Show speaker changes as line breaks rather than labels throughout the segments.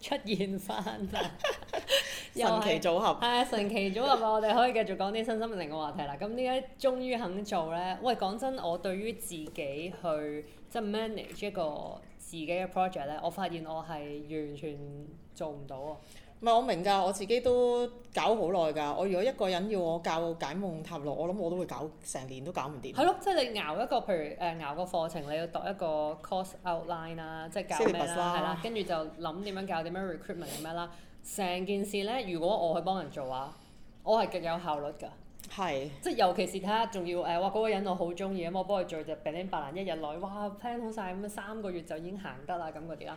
出現翻啦！
神奇組合 是，
係啊！神奇組合啊！ 我哋可以繼續講啲身心靈嘅話題啦。咁點解終於肯做咧？喂，講真，我對於自己去即係、就是、manage 一個自己嘅 project 咧，我發現我係完全做唔到啊！唔係我明㗎，我自己都搞
好耐㗎。我如果一個人要我教解夢塔羅，我諗我都會搞成年都搞唔掂。係咯，
即係你熬一個，譬如誒熬、呃、個課程，你要度一個 course outline 啦，即係教咩啦，係啦，跟住就諗點樣教，點樣 recruitment 係咩啦。成件事咧，如果我去幫人做啊，我係極有效率㗎。係。是的 即係尤其是睇下，仲要誒，哇！嗰個人我好中意啊，我幫佢做只 b u i l 一日內哇 plan 好晒，咁，三個月就已經行得啦咁嗰啲啦。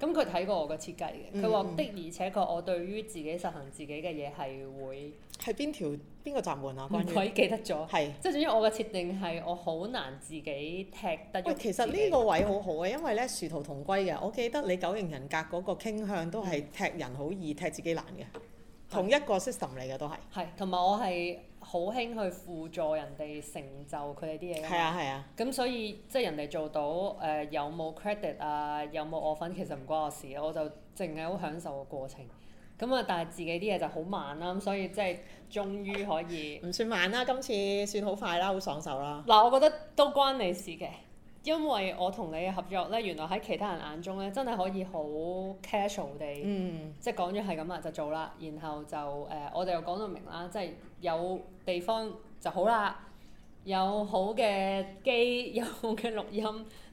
咁佢睇過我嘅設計嘅，佢話、嗯、的而且確我對於自己實行自己嘅嘢係會。係邊條邊個閘門啊？關於記得咗，係即係總之，我嘅設定係我好難自己踢得。喂，其
實呢個位好好嘅， 因為咧殊途同歸嘅，我記得你九型人格嗰個傾向都係踢人好易，踢自己難嘅，是同一個 system 嚟嘅都係。
係同埋我係。好興去輔助人哋成就佢哋啲嘢係啊，係啊。咁所以即係、就是、人哋做到誒、呃、有冇 credit 啊，有冇我份，其實唔關我事啊，我就淨係好享受個過程。咁啊，但係自己啲嘢就好慢啦，咁所以即係終於可以唔算慢啦，今次算好快啦，好爽手啦。嗱、呃，我覺得都關你事嘅。因為我同你嘅合作咧，原來喺其他人眼中咧，真係可以好 casual 地，嗯、即係講咗係咁啊，就做啦。然後就誒、呃，我哋又講到明啦，即係有地方就好啦，嗯、有好嘅機，有好嘅錄音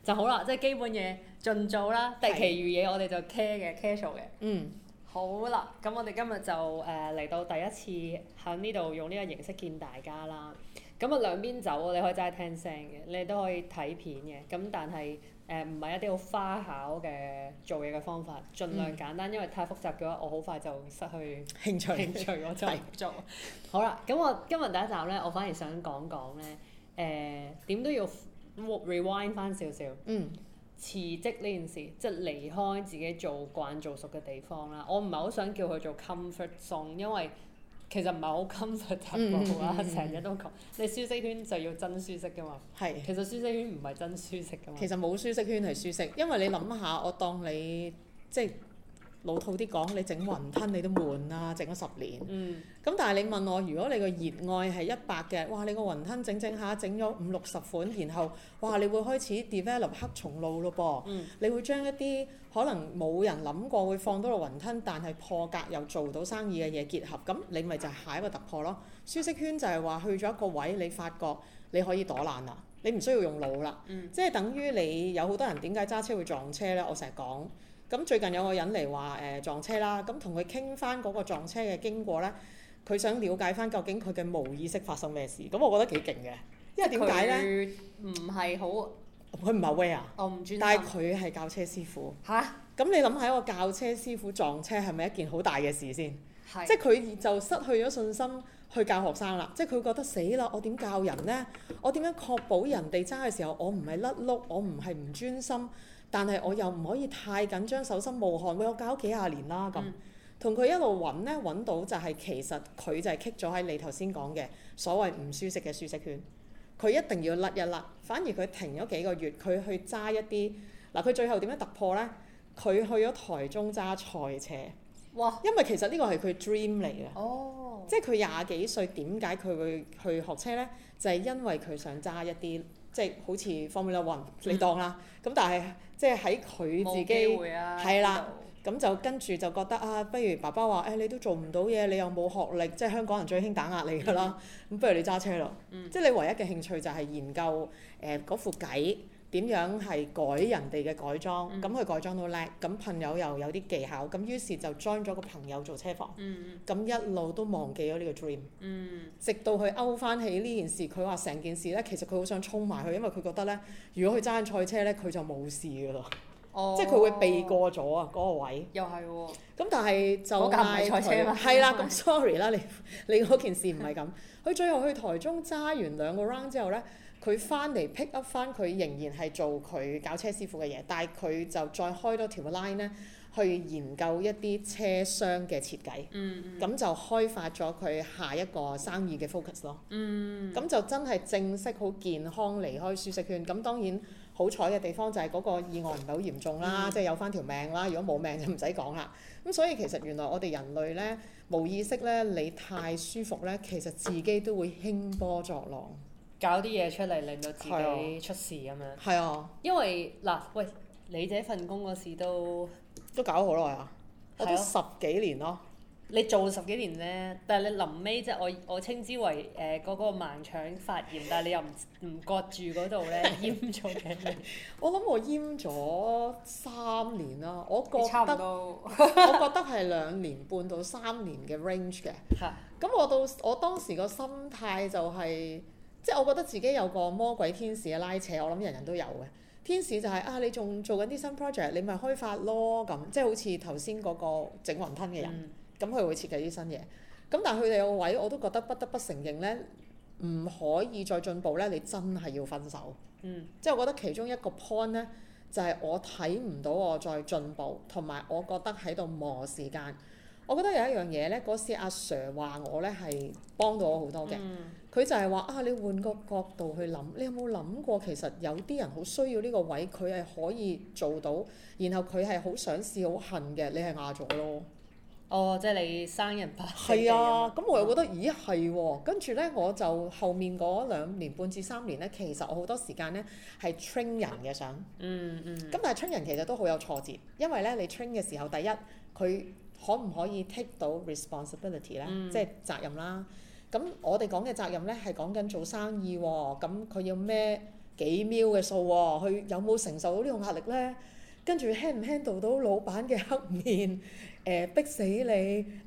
就好啦，即係基本嘢盡做啦。第的其餘嘢我哋就 care 嘅，casual 嘅。嗯。好啦，咁我哋今日就誒嚟、呃、到第一次喺呢度用呢個形式見大家啦。咁啊兩邊走，你可以齋聽聲嘅，你都可以睇片嘅。咁但係誒唔係一啲好花巧嘅做嘢嘅方法，盡量簡單，嗯、因為太複雜嘅話，我好快就失去興趣興趣 就，我就唔做。好啦，咁我今日第一集咧，我反而想講講咧，誒、呃、點都要 rewind 翻少少。嗯。辭職呢件事，即係離開自己做慣做熟嘅地方啦。我唔係好想叫佢做 comfort zone，因為其實唔係好 comfortable 啊，成日、嗯、都講。你舒適圈就要真舒適㗎嘛。係是。其實舒適圈唔係真舒適㗎嘛。其實冇舒適圈係舒適。因為你諗下， 我當你即係。
老套啲講，你整雲吞你都悶啊，整咗十年。咁、嗯、但係你問我，如果你個熱愛係一百嘅，哇！你個雲吞整整下，整咗五六十款，然後哇！你會開始 develop 黑松露咯噃。嗯、你會將一啲可能冇人諗過會放到落雲吞，但係破格又做到生意嘅嘢結合，咁你咪就係下一個突破咯。舒適圈就係話去咗一個位，你發覺你可以躲懶啦，你唔需要用腦啦。嗯、即係等於你有好多人點解揸車會撞車呢？我成日講。咁最近有個人嚟話誒撞車啦，咁同佢傾翻嗰個撞車嘅經過呢，佢想了解翻究竟佢嘅無意識發生咩事，咁我覺得幾勁嘅，
因為點解呢？唔係好，
佢唔係 aware 啊，我唔專心，但係佢係教車師傅。嚇
哈！咁你諗下一個教
車師傅撞車係咪一件好大嘅事先？
是即係佢
就失去咗信心去教學生啦。即係佢覺得死啦，我點教人呢？我點樣確保人哋揸嘅時候我唔係甩碌，我唔係唔專心？嗯但係我又唔可以太緊張，手心冒汗喂。我搞幾廿年啦，咁同佢一路揾呢，揾到就係其實佢就係棘咗喺你頭先講嘅所謂唔舒適嘅舒適圈。佢一定要甩一甩，反而佢停咗幾個月，佢去揸一啲。嗱，佢、啊、最後點樣突破呢？佢去咗台中揸賽車。哇！因為其實呢個係佢 dream 嚟嘅，哦，即係佢廿幾歲點解佢會去學車呢？就係、是、因為佢想揸一啲。即係好似 Formula One，你當 啦。咁但係即係喺佢自己係、啊、啦，咁這樣 就跟住就覺得啊，不如爸爸話：誒、哎，你都做唔到嘢，你又冇學歷，即係香港人最興打壓你㗎啦。咁、嗯、不如你揸車咯，嗯、即係你唯一嘅興趣就係研究誒嗰、呃、副計。點樣係改人哋嘅改裝？咁佢、嗯、改裝到叻，咁朋友又有啲技巧，咁於是就 join 咗個朋友做車房。咁、嗯、一路都忘記咗呢個 dream、嗯。直到佢勾翻起呢件事，佢話成件事呢，其實佢好想衝埋去，因為佢覺得呢，如果佢揸緊賽車呢，佢、嗯、就冇事㗎咯。哦、
即係佢會
避過咗啊嗰個位。又係喎、哦。咁但係就係佢係啦。咁 sorry 啦，你你嗰件事唔係咁。佢 最後去台中揸完兩個 round 之後呢。佢翻嚟 pick up 翻佢，仍然係做佢搞車師傅嘅嘢，但係佢就再開多條 line 咧，去研究一啲車廂嘅設計，咁、嗯、就開發咗佢下一個生意嘅 focus 咯。咁、嗯、就真係正式好健康離開舒適圈。咁當然好彩嘅地方就係嗰個意外唔係好嚴重啦，即係、嗯、有翻條命啦。如果冇命就唔使講啦。咁所以其實原來我哋人類咧冇意識咧，你太舒服咧，其實自己都會興波作浪。
搞啲嘢出嚟令到自己出事咁、啊、樣，係啊，因為嗱喂，你這份工個事都都搞咗好耐啊，我都十幾年咯。你做十幾年呢，但係你臨尾即係我我稱之為誒嗰、呃那個盲腸發炎，但係你又唔唔割住嗰度呢，閹咗嘅。
我諗我閹咗三年啦，我覺得我覺得係兩年半到三年嘅 range 嘅。係。咁我到我當時個心態就係、是。即係我覺得自己有個魔鬼天使嘅拉扯，我諗人人都有嘅。天使就係、是、啊，你仲做緊啲新 project，你咪開發咯咁。即係好似頭先嗰個整雲吞嘅人，咁佢、嗯、會設計啲新嘢。咁但係佢哋個位我都覺得不得不承認呢，唔可以再進步呢。你真係要分手。嗯、即係我覺得其中一個 point 呢，就係、是、我睇唔到我再進步，同埋我覺得喺度磨時間。我覺得有一樣嘢咧，嗰時阿 Sir 話我咧係幫到我好多嘅，佢、嗯、就係話啊，你換個角度去諗，你有冇諗過其實有啲人好需要呢個位，佢係可以做到，然後佢係好想試好恨嘅，你係
壓咗咯。哦，即係你生人拍係啊，咁我又覺得、
哦、咦係喎，跟住咧我就後面嗰兩年半至三年咧，其實我好多時間咧係 train 人嘅想、嗯。嗯嗯。咁但係 train 人其實都好有挫折，因為咧你 train 嘅時候，第一佢，可唔可以 take 到 responsibility 咧？嗯、即係責任啦。咁我哋講嘅責任咧，係講緊做生意喎、哦。咁佢要孭幾秒嘅數喎、哦？佢有冇承受到呢個壓力咧？跟住 handle 唔 handle 到老闆嘅黑面？誒、呃、逼死你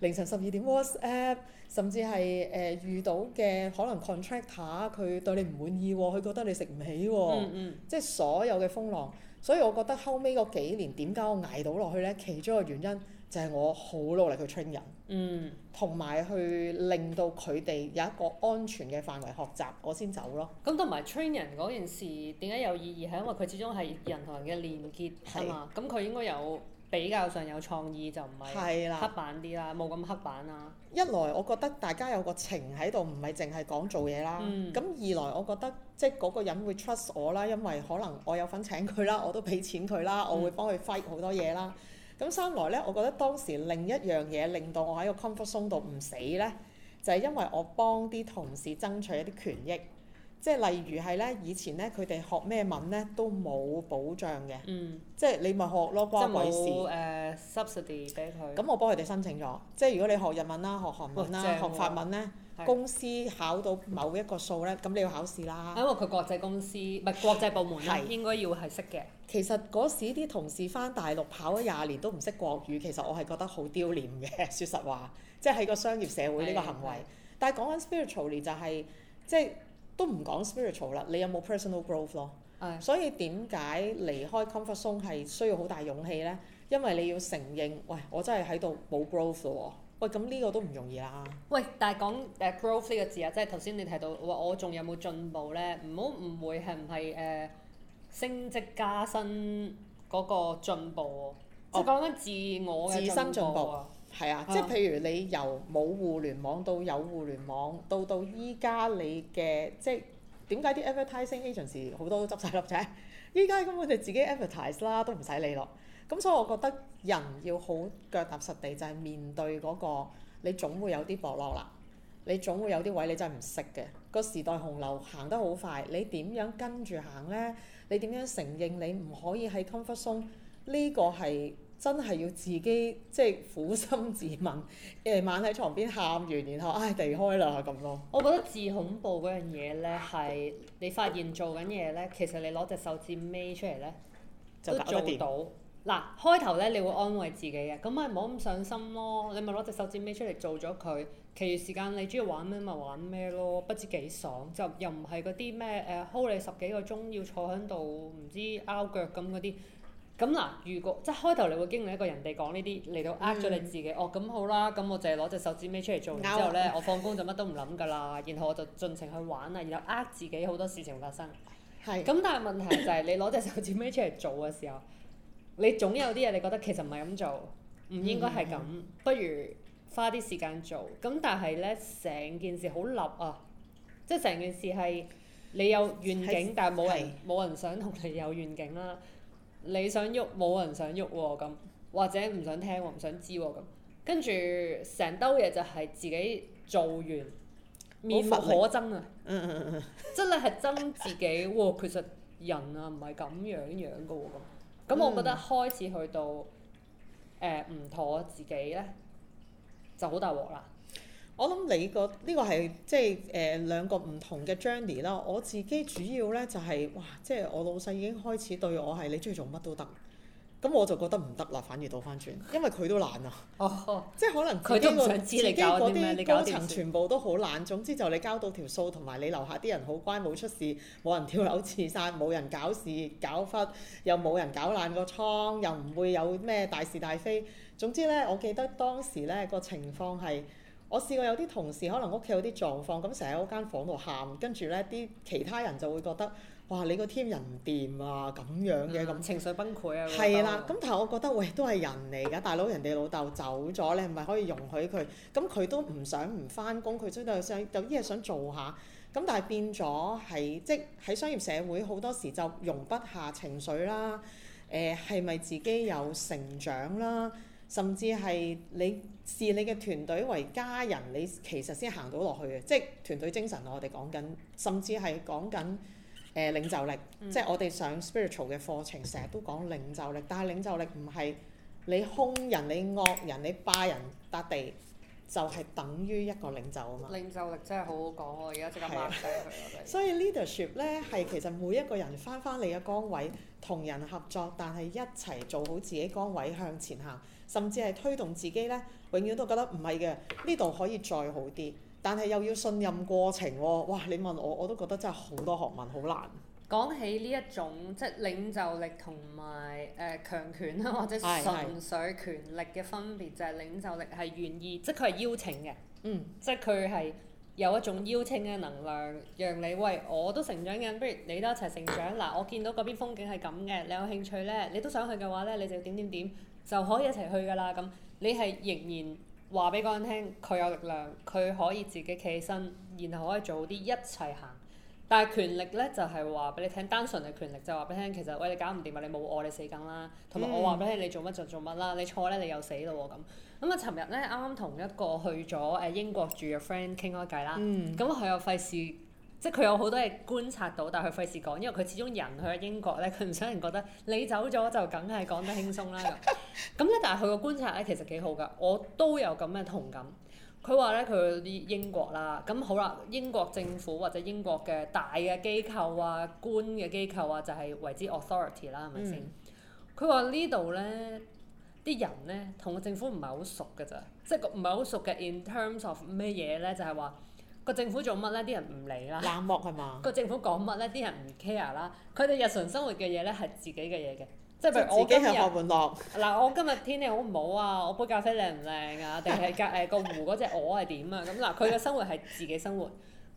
凌晨十二點 WhatsApp，甚至係誒、呃、遇到嘅可能 contractor 佢對你唔滿意喎、哦，佢覺得你食唔起喎、哦，嗯嗯即係所有嘅風浪。所以我覺得後尾嗰幾年點解我捱到落去咧？其中一個原因。就係我好努力去 train 人，嗯，同埋去令到佢哋有一
個安全嘅範圍學習，我先走咯。咁同埋 train 人嗰件事點解有意義？係因為佢始終係人同人嘅連結啊嘛。咁佢是應該有比較上有創意，就唔係黑板啲啦，冇咁的黑板啦。
一來我覺得大家有個情喺度，唔係淨係講做嘢啦。咁、嗯、二來我覺得即係嗰個人會 trust 我啦，因為可能我有份請佢啦，我都俾錢佢啦，嗯、我會幫佢 fight 好多嘢啦。咁三來咧，我覺得當時另一樣嘢令到我喺個 comfort zone 度唔死咧，就係、是、因為我幫啲同事爭取一啲權益，即係例如係咧，以前咧佢哋學咩文咧都冇保障嘅，嗯、即係你咪學咯，關鬼事。即冇、uh,
subsidy 俾佢。咁
我幫佢哋申請咗，即係如果你學日文啦、學韓文啦、哦啊、學法文咧。公司
考到某一個數咧，咁你要考試啦。因為佢國際公司，唔係國際部門啦，應該要係識嘅。
其實嗰時啲同事翻大陸跑咗廿年都唔識國語，其實我係覺得好丟臉嘅。說實話，即係喺個商業社會呢個行為。但係講緊 spiritual 就係、是，即係都唔講 spiritual 啦，你有冇 personal growth 咯是？所以點解離開 Comfort Zone 係需要好大勇氣咧？因為你要承認，喂，我真係喺度冇 growth 咯。喂，咁呢個都唔容易啦。
喂，但係講誒 growth 呢個字啊，即係頭先你提到，話我仲有冇進步咧？唔好誤會係唔係誒升職加薪嗰個進步啊？Oh, 即係講緊自我嘅進步、啊、自身進步
係啊，即係譬如你由冇互聯網到有互聯網，到到依家你嘅即係點解啲 advertising agents 好多都執晒笠仔？依 家咁我哋自己 advertise 啦，都唔使理咯。咁所以我覺得人要好腳踏實地，就係面對嗰個你總會有啲墮落啦，你總會有啲位你真係唔識嘅。個時代洪流行得好快，你點樣跟住行呢？你點樣承認你唔可以喺 comfort zone？呢個係真係要自己即係苦心自問，誒，晚喺床邊喊完，然後唉，地開啦咁咯。
我覺得至恐怖嗰樣嘢呢，係你發現做緊嘢呢，其實你攞隻手指尾出嚟咧，都做到。嗱，開頭咧你會安慰自己嘅，咁咪唔好咁上心咯。你咪攞隻手指尾出嚟做咗佢，其餘時間你中意玩咩咪玩咩咯，不知幾爽。就又唔係嗰啲咩誒，hold 你十幾個鐘要坐喺度唔知拗腳咁嗰啲。咁嗱，如果即係開頭你會經歷一個人哋講呢啲嚟到呃咗你自己，嗯、哦咁好啦，咁我就係攞隻手指尾出嚟做，呃、之後咧、呃、我放工就乜都唔諗噶啦，然後我就盡情去玩啦，然後呃自己好多事情發生。係是。咁但係問題就係、是、 你攞隻手指尾出嚟做嘅時候。你總有啲嘢，你覺得其實唔係咁做，唔應該係咁，嗯、不如花啲時間做。咁但係呢，成件事好立啊，即係成件事係你有願景，但係冇人冇是人想同你有願景啦、啊。你想喐，冇人想喐喎、啊，咁或者唔想聽喎、啊，唔想知喎、啊，咁跟住成兜嘢就係自己做完，面目可憎啊！ 真係嗯，即係憎自己喎。其實人啊，唔係咁樣樣噶喎、啊。咁我覺得開始去到誒唔、嗯呃、妥自己咧，就好大鑊啦。
我諗你個呢個係即係誒兩個唔同嘅 journey 啦。我自己主要咧就係、是、哇，即、就、係、是、我老細已經開始對我係你中意做乜都得。咁我就覺得唔得啦，反而倒翻轉，因為佢都懶啊。哦，oh。即係可能佢都唔想知你啲咩交層全部都好懶，總之就你交到條數，同埋你樓下啲人好乖，冇出事，冇人跳樓自殺，冇人搞事搞忽，又冇人搞爛個倉，又唔會有咩大是大非。總之呢，我記得當時呢個情況係，我試過有啲同事可能屋企有啲狀況，咁成日喺嗰間房度喊，跟住呢啲其他人就會覺得。哇！你個 team 人掂啊，咁樣嘅咁、嗯、樣情緒崩潰啊，係啦的。咁、嗯、但係我覺得，喂，都係人嚟㗎，大佬人哋老豆走咗，你係咪可以容許佢咁？佢都唔想唔返工，佢都對想有啲嘢想做下。咁但係變咗係即喺商業社會好多時就容不下情緒啦。誒係咪自己有成長啦？甚至係你視你嘅團隊為家人，你其實先行到落去嘅，即係團隊精神我哋講緊，甚至係講緊。誒、呃、領袖力，嗯、即係我哋上 spiritual 嘅課程，成日都講領袖力，但係領袖力唔係你兇人、你惡人、你霸人笪地，就係、是、等於一個領袖啊嘛。
領袖力真係好好講喎、啊，而家即刻 m
所以 leadership 咧係其實每一個人返返你嘅崗位，同人合作，但係一齊做好自己崗位向前行，甚至係推動自己咧，永遠都覺得唔係嘅，呢度可以再好啲。但係又要信任過程喎、哦，哇！你問我，我都覺得真係好多學問，好難。
講起呢一種即係領袖力同埋誒強權啦，或者純粹權力嘅分別，哎、就係領袖力係願意，即係佢係邀請嘅。嗯。即係佢係有一種邀請嘅能量，讓你喂我都成長緊，不如你都一齊成長。嗱，我見到嗰邊風景係咁嘅，你有興趣呢？你都想去嘅話呢，你就點點點就可以一齊去㗎啦咁。你係仍然。話俾個人聽，佢有力量，佢可以自己企起身，然後可以早啲一齊行。但係權力呢，就係話俾你聽，單純嘅權力就話俾你聽，其實喂，你搞唔掂㗎，你冇我，你死梗啦。同埋我話俾你聽，你做乜就做乜啦，你錯呢你又死啦喎咁。咁啊，尋日呢，啱啱同一個去咗誒英國住嘅 friend 傾開偈啦，咁佢、嗯、又費事。即係佢有好多嘢觀察到，但係佢費事講，因為佢始終人去喺英國咧，佢唔想人覺得你走咗就梗係講得輕鬆啦咁。咁咧，但係佢個觀察咧其實幾好噶，我都有咁嘅同感。佢話咧佢啲英國啦，咁好啦，英國政府或者英國嘅大嘅機構啊、官嘅機構啊，就係為之 authority 啦，係咪先？佢話呢度咧啲人咧同政府唔係好熟㗎咋，即係唔係好熟嘅？In terms of 咩嘢咧？就係話。個政府做乜咧？啲人唔理啦。冷漠係嘛？個政府講乜咧？啲人唔 care 啦。佢哋日常生活嘅嘢咧係自己嘅嘢嘅，即係譬如我自己今日嗱， 我今日天，天氣好唔好啊？我杯咖啡靚唔靚啊？定係隔誒個湖嗰隻鵝係點啊？咁嗱，佢嘅生活係自己生活。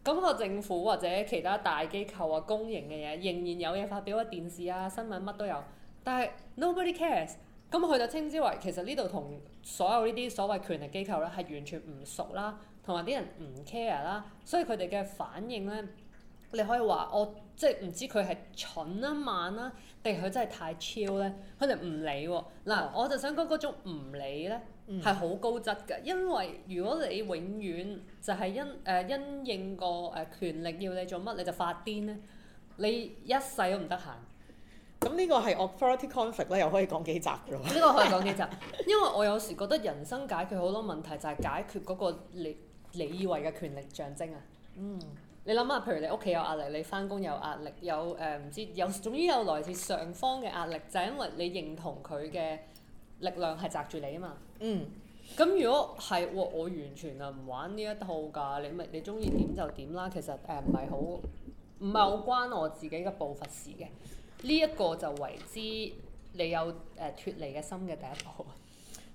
咁個政府或者其他大機構啊、公營嘅嘢，仍然有嘢發表啊、電視啊、新聞乜都有，但係 nobody cares。咁佢就稱之為，其實呢度同所有呢啲所謂權力機構咧係完全唔熟啦，同埋啲人唔 care 啦，所以佢哋嘅反應咧，你可以話我即係唔知佢係蠢啊、慢啊，定佢真係太 chill 咧？佢哋唔理喎、喔。嗱，我就想講嗰種唔理咧係好高質嘅，因為如果你永遠就係因誒、呃、因應個誒權力要你做乜你就發癲咧，你一世都唔得閒。咁呢個係 authority conflict 咧，又可以講幾集㗎喎？呢個可以講幾集，因為我有時覺得人生解決好多問題就係解決嗰個你你以為嘅權力象徵啊。嗯，你諗下，譬如你屋企有壓力，你返工有壓力，有誒唔、呃、知有總之有來自上方嘅壓力，就係、是、因為你認同佢嘅力量係擲住你啊嘛。嗯。咁如果係喎，我完全啊唔玩呢一套㗎，你咪你中意點就點啦。其實誒唔係好，呃唔係好關我自己嘅步伐事嘅，呢一個就為之你有誒脫離嘅心嘅第一步，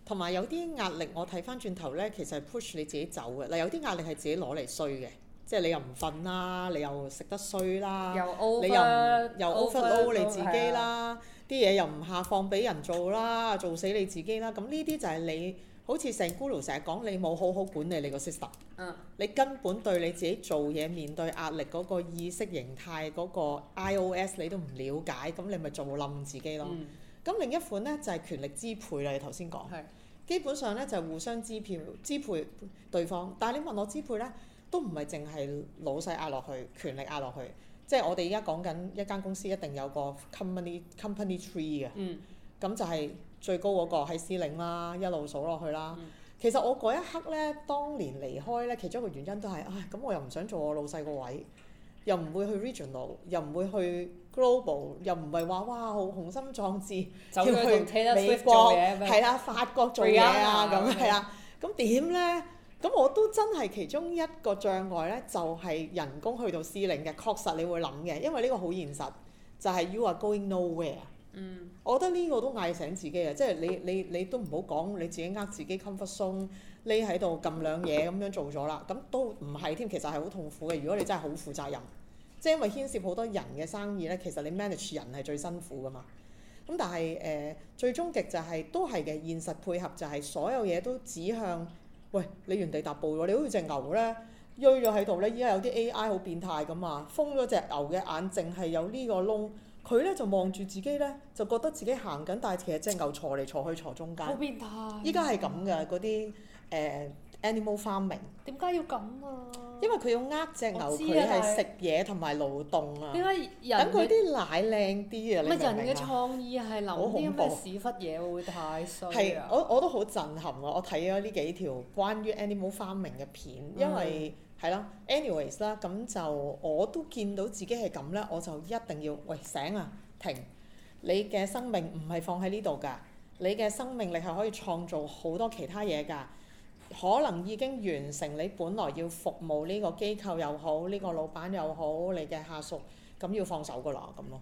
同埋有啲
壓力，我睇翻轉頭呢，其實係 push 你自己走嘅。嗱，有啲壓力係自己攞嚟衰嘅，即係你又唔瞓啦，你又食得衰啦，又 over，你又又 overflow over，你自己啦，啲嘢 yeah. 又唔下放俾人做啦，做死你自己啦，咁呢啲就係你。好似成 guru 成日講你冇好好管理你個 system，uh，你根本對你自己做嘢面對壓力嗰個意識形態嗰個 iOS 你都唔了解，咁你咪做冧自己咯。咁、嗯、另一款呢，就係、是、權力支配啦，你頭先講，是基本上呢就是、互相支配支配對方。但係你問我支配呢，都唔係淨係老細壓落去，權力壓落去。即、就、係、是、我哋而家講緊一間公司一定有個 company company tree 嘅，咁、嗯、就係、是。最高嗰個喺司令啦，一路數落去啦。嗯、其實我嗰一刻呢，當年離開呢，其中一個原因都係，唉，咁我又唔想做我老細個位，又唔會去 regional，又唔會去 global，又唔係話哇好雄心壯志，走去要去美國，係啦，法國做嘢啊咁，係啦。咁點呢？咁我都真係其中一個障礙呢，就係、是、人工去到司令嘅，確實你會諗嘅，因為呢個好現實，就係、是、You are going nowhere。嗯，我覺得呢個都嗌醒自己啊！即係你你你都唔好講你自己呃自己 comfort zone，匿喺度撳兩嘢咁樣做咗啦，咁都唔係添。其實係好痛苦嘅。如果你真係好負責任，即係因為牽涉好多人嘅生意咧，其實你 manage 人係最辛苦噶嘛。咁但係誒、呃，最終極就係、是、都係嘅，現實配合就係、是、所有嘢都指向，喂，你原地踏步咗，你好似隻牛咧，閪咗喺度咧。依家有啲 AI 好變態噶嘛，封咗隻牛嘅眼，淨係有呢個窿。佢咧就望住自己咧，就覺得自己行緊，但係其實隻牛坐嚟坐去坐中間。好變
態！依家係咁
嘅嗰啲誒 animal farming。
點解要咁啊？
因為佢要呃隻牛，佢係食嘢同埋勞動啊。點解等佢啲奶靚啲啊！咁啊，人嘅創
意係諗啲咩屎
忽嘢會太衰啊！係，我我都好震撼啊！我睇咗呢幾條關於 animal farming 嘅片，因為。嗯係咯，anyways 啦，咁就我都見到自己係咁咧，我就一定要喂醒啊，停！你嘅生命唔係放喺呢度㗎，你嘅生命力係可以創造好多其他嘢㗎。可能已經完成你本來要服務呢個機構又好，呢個
老闆又好，你嘅下屬咁要放手㗎啦，咁咯。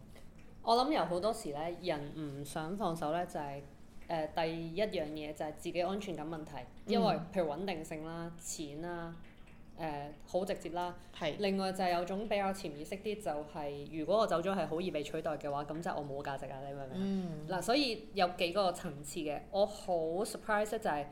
我諗有好多時咧，人唔想放手咧，就係誒第一樣嘢就係自己安全感問題，因為譬如穩定性啦、錢啦。嗯誒好、呃、直接啦，是另外就係有種比較潛意識啲，就係如果我走咗係好易被取代嘅話，咁即係我冇價值啊！你明唔明？嗱、嗯，所以有幾個層次嘅，我好 surprise 咧，就係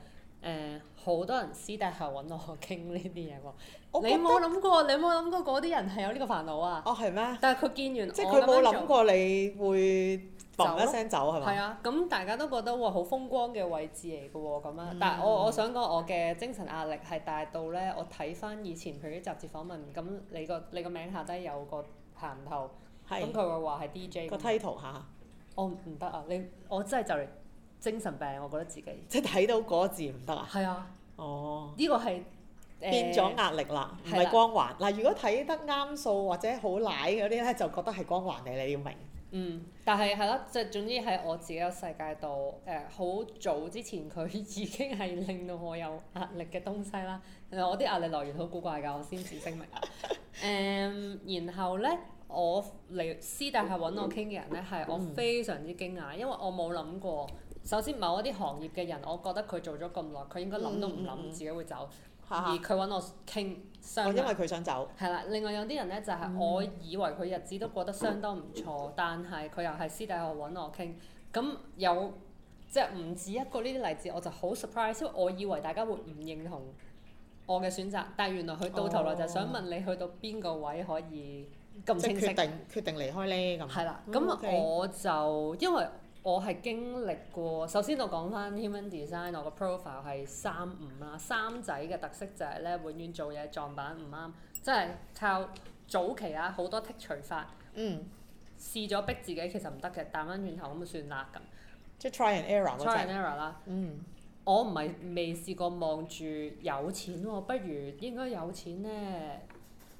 誒好多人私底下揾我傾呢啲嘢喎。覺你有冇諗過？你有冇諗過嗰啲人係有呢個煩惱啊？哦，係咩？但係佢見完。即係佢冇諗過
你會。嘣一聲走係咪？係走吧啊，
咁、嗯、大家都覺得喎好風光嘅位置嚟嘅喎咁啊，但係我我想講我嘅精神壓力係大到咧，我睇翻以前佢啲雜誌訪問，咁你個你個名下低有個銜頭，咁佢會話係 DJ 個 title 下，tit le, 嗯、我唔得啊！你我真係就嚟精神病，我覺得自己
即係睇到嗰字唔得啊！係啊！
哦！呢個係、呃、變咗壓
力啦，唔係光環嗱的。如果睇得啱數或者好奶嗰啲咧，就覺得係光環嚟，你要
明。嗯，但係係咯，即係總之喺我自己嘅世界度，誒、呃、好早之前佢已經係令到我有壓力嘅東西啦。其實我啲壓力來源好古怪㗎，我先至聲明。誒， um, 然後咧，我嚟私底下揾我傾嘅人咧，係我非常之驚訝，嗯、因為我冇諗過。首先某一啲行業嘅人，我覺得佢做咗咁耐，佢應該諗都唔諗自己會走，嗯嗯 而佢揾我傾。傷 oh, 因為佢想走，係啦。另外有啲人呢，就係、係、我以為佢日子都過得相當唔錯，嗯、但係佢又係私底下揾我傾。咁有即係唔止一個呢啲例子，我就好 surprise，因為我以為大家會唔認同我嘅選擇，但係原來佢到頭來就想問你去到邊個位可以咁清晰？哦、決定決定離開呢，咁係啦。咁、嗯、我就 okay. 因為。我係經歷過，首先我講翻 Human Design，我個 profile 係三五啦。三仔嘅特色就係咧，永遠做嘢撞板唔啱，即係靠早期啊好多剔除法。嗯。試咗逼自己，其實唔得嘅，彈翻轉頭咁就算啦咁。即係 an、那個、try and error 嗰隻。try and error 啦。嗯。我唔係未試過望住有錢喎、啊，嗯、不如應該有錢咧，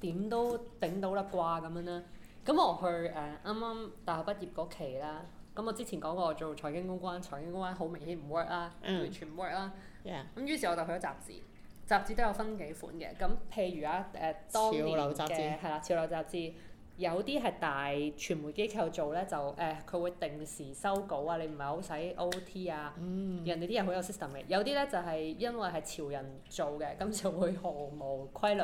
點都頂到啦啩咁樣啦。咁我去誒啱啱大學畢業嗰期啦。咁我之前講過做財經公關，財經公關好明顯唔 work 啦、啊，嗯、完全唔 work 啦、啊。咁 Yeah. 於是我就去咗雜誌，雜誌都有分幾款嘅。咁譬如啊，誒、呃、當年嘅係啦，潮流雜誌。有啲係大傳媒機構做呢，就誒佢、呃、會定時收稿啊，你唔係好使 OT 啊，嗯、人哋啲人好有 system 嘅。有啲呢就係、是、因為係潮人做嘅，咁就會毫無規律，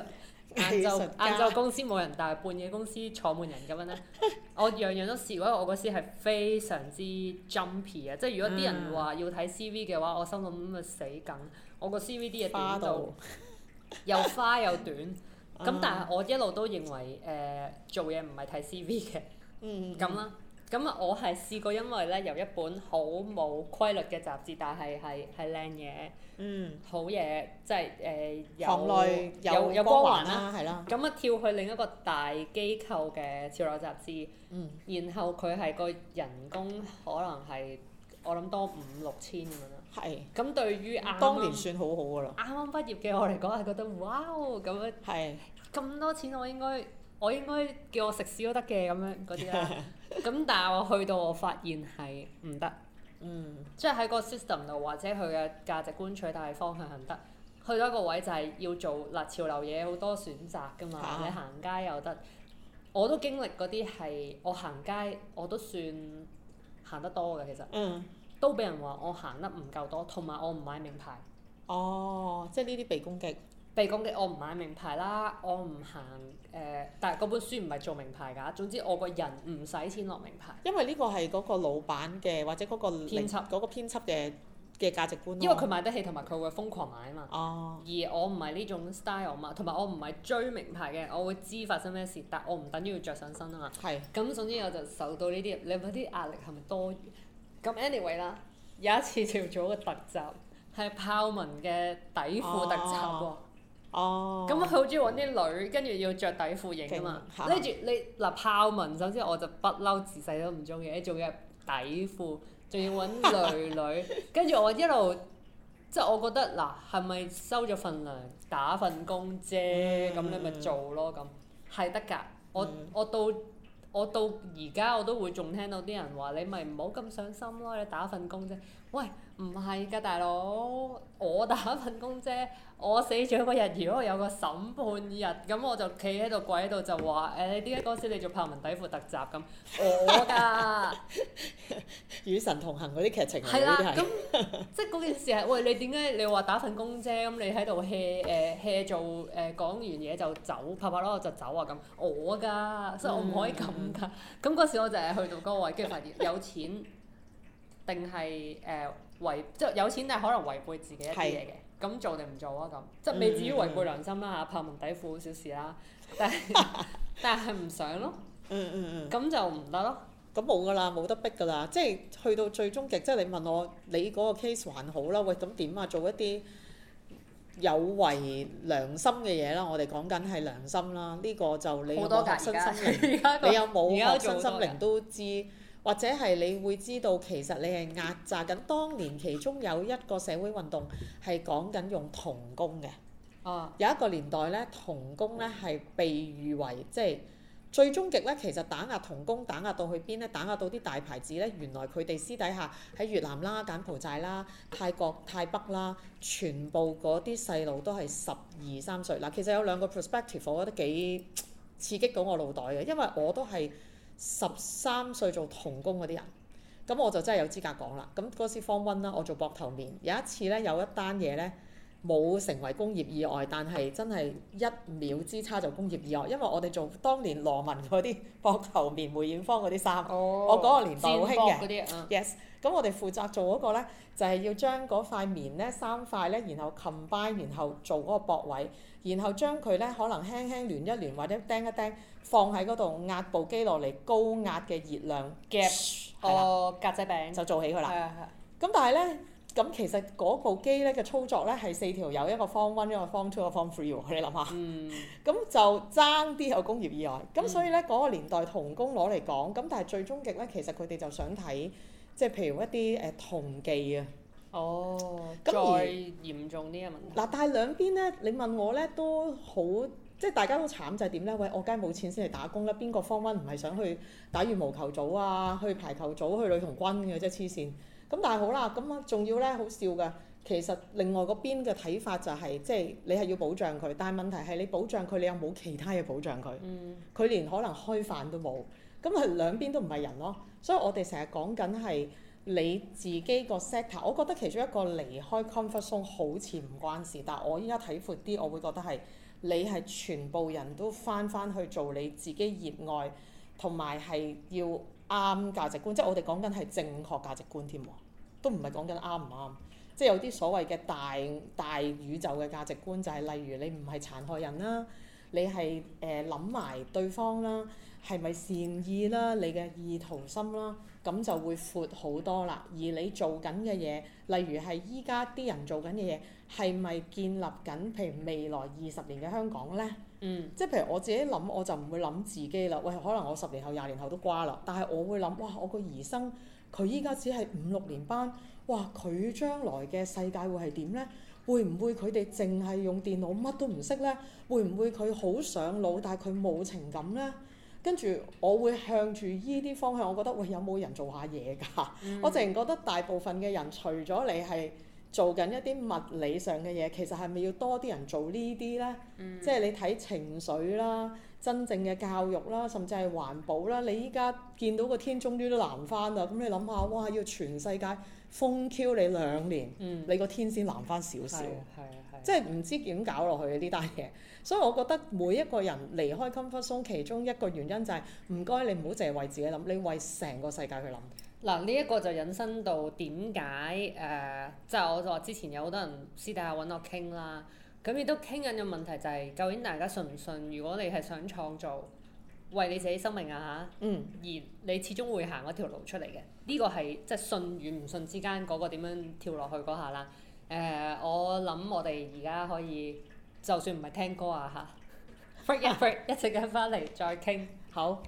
晏晝晏晝公司冇人，但係半夜公司坐滿人咁樣呢。 我樣樣都試過，因為我嗰時係非常之 jumpy 啊，即係如果啲人話要睇 CV 嘅話，嗯、我心諗咪死梗，我個 CV 啲嘢點到？花洞 又花又短。咁、嗯、但係我一路都認為誒、呃、做嘢唔係睇 CV 嘅，嗯，咁啦，咁啊、嗯、我係試過因為咧由一本好冇規律嘅雜誌，但係係係靚嘢，嗯，好嘢，即係誒有有有，有環光環啦、啊，係啦、啊，咁啊跳去另一個大機構嘅潮流雜誌，嗯、然後佢係個人工可能係我諗多五六千咁樣。嗯係，咁是對於啱啱畢業嘅我嚟講係覺得哇哦咁樣，咁是多錢我應該，我應該叫我食屎都得嘅咁樣嗰啲啦。咁、啊、 但係我去到我發現係唔得。嗯，即係喺個 system 度或者佢嘅價值觀取，大方向唔得。去到一個位就係要做嗱、呃、潮流嘢好多選擇㗎嘛，你行、啊、街又得。我都經歷嗰啲係我行街我都算行得多，㗎其實。嗯。都俾人話我行得唔夠多，同埋我唔買名牌。哦，即係呢啲被攻擊。被攻擊，我唔買名牌啦，我唔行誒，但係嗰本書唔係做名牌㗎。總之我個人唔使錢落名牌。因為呢個係嗰個老闆嘅，或者嗰個編輯嗰個編輯嘅嘅價值觀。因為佢買得起，同埋佢會瘋狂買啊嘛。哦。而我唔係呢種 style 嘛，同埋我唔係追名牌嘅，我會知發生咩事，但我唔等於要着上身啊嘛。係。咁總之我就受到呢啲，你話啲壓力係咪多？咁 anyway 啦，有一次條組嘅特集係豹紋嘅底褲特集喎。哦。咁佢好中意揾啲女，oh. 跟住要着底褲型啊嘛。孭住、oh. 你嗱豹紋，首先我就不嬲，自細都唔中意。你仲要底褲，仲要揾女女， 跟住我一路即係我覺得嗱，係咪收咗份糧打份工啫？咁 Yeah. 你咪做咯咁。係得㗎，我我到。Yeah. 我到而家我都會仲聽到啲人話：你咪唔好咁上心咯，你打份工啫，喂！唔係㗎，大佬，我打份工啫。我死咗嗰日，如果我有個審判日，咁我就企喺度跪喺度就話：誒、欸，你點解嗰時你做拍文底褲特集咁？我㗎， 與神同行嗰啲劇情係呢啲即係嗰件事係喂，你點解你話打份工啫？咁你喺度 hea 做誒講完嘢就走，拍拍囉就走啊咁？我㗎，所以我唔可以咁㗎。咁嗰、嗯、時我就係去到嗰位，跟住發現有錢。定係誒違即係有錢，但係可能違背自己一啲嘢嘅，咁是做定唔做啊？咁即係未至於違背良心啦嚇，拍紋、嗯嗯啊、底褲小事啦，但係 但係唔想咯，嗯嗯嗯，咁就唔得咯。咁冇㗎啦，冇得逼㗎
啦，即係去到最終極，即係你問我你嗰個 case 還好啦，喂，咁點啊？做一啲有違良心嘅嘢啦，我哋講緊係良心啦，呢、這個就你個身心靈，
你有冇啊？身心靈
都知在。或者係你會知道，其實你係壓榨緊。當年其中有一個社會運動係講緊用童工嘅。啊、有一個年代咧，童工咧係被譽為即係、就是、最終極咧。其實打壓童工，打壓到去邊咧？打壓到啲大牌子咧，原來佢哋私底下喺越南啦、柬埔寨啦、泰國、泰北啦，全部嗰啲細路都係十二三歲。嗱，其實有兩個 perspective，我覺得幾刺激到我腦袋嘅，因為我都係。十三歲做童工嗰啲人，咁我就真係有資格講啦。咁嗰時 form one 啦，我做膊頭面，有一次呢，有一單嘢呢。冇成為工業意外，但係真係一秒之差就工業意外，因為我哋做當年羅文嗰啲膊頭棉、梅艷芳嗰啲衫，我嗰個年代好興嘅。Yes，咁我哋負責做嗰個呢，就係要將嗰塊棉呢三塊呢，然後冚 o 然後做嗰個薄位，然後將佢呢可能輕輕攣一攣或者釘一釘，放喺嗰度壓部機落嚟，高壓嘅熱量夾係啦，格仔餅就做起佢啦。咁但係呢。咁其實嗰部機咧嘅操作咧係四條友一個方 o n e 一個方 Two，一個 f Three 你諗下，咁、嗯、 就爭啲有工業意外。咁所以咧嗰、嗯、個年代童工攞嚟講，咁但係最終極咧，其實佢哋就想睇，即係譬如一啲誒童技啊。哦。咁而
嚴重啲嘅問題。嗱，
但係兩邊咧，你問我咧都好，即係大家都慘就係點咧？喂，我梗係冇錢先嚟打工啦。邊個方 o n e 唔係想去打羽毛球組啊？去排球組？去女童軍嘅？真係黐線。咁但係好啦，咁啊仲要咧好笑嘅，其實另外嗰邊嘅睇法就係，即係你係要保障佢，但係問題係你保障佢，你有冇其他嘢保障佢，佢、嗯、連可能開飯都冇，咁佢兩邊都唔係人咯，所以我哋成日講緊係你自己個 sector，我覺得其中一個離開 comfort zone 好似唔關事，但係我依家睇闊啲，我會覺得係你係全部人都返返去做你自己熱愛，同埋係要。啱價值觀，即係我哋講緊係正確價值觀添喎，都唔係講緊啱唔啱，即係有啲所謂嘅大大宇宙嘅價值觀，就係、是、例如你唔係殘害人啦，你係誒諗埋對方啦，係咪善意啦，你嘅意圖心啦，咁就會闊好多啦。而你做緊嘅嘢，例如係依家啲人做緊嘅嘢，係咪建立緊譬如未來二十年嘅香港呢？嗯，即係譬如我自己諗，我就唔會諗自己啦。喂，可能我十年後、廿年後都瓜啦。但係我會諗，哇，我個兒生，佢依家只係五六年班，哇，佢將來嘅世界會係點呢？會唔會佢哋淨係用電腦乜都唔識呢？會唔會佢好上腦，但係佢冇情感呢？跟住我會向住依啲方向，我覺得喂，有冇人做下嘢㗎？嗯、我淨係覺得大部分嘅人，除咗你係。做緊一啲物理上嘅嘢，其實係咪要多啲人做呢啲呢？嗯、即係你睇情緒啦、真正嘅教育啦，甚至係環保啦。你依家見到個天終於都藍翻啦，咁你諗下，哇！要全世界封 Q 你兩年，嗯、你個天先藍翻少少，嗯、即係唔知點搞落去呢單嘢。所以我覺得每一個人離開 comfort zone，其中一個原因就係唔該你唔好淨係為自己諗，你為成個世界去諗。
嗱，呢一個就引申到點解？誒，即係我就話之前有好多人私底下揾我傾啦，咁亦都傾緊嘅問題就係究竟大家信唔信？如果你係想創造為你自己生命啊嚇，嗯，而你始終會行嗰條路出嚟嘅，呢個係即係信與唔信之間嗰個點樣跳落去嗰下啦。誒，我諗我哋而家可以，就算唔係聽歌啊吓，break 一陣間翻嚟再傾，好。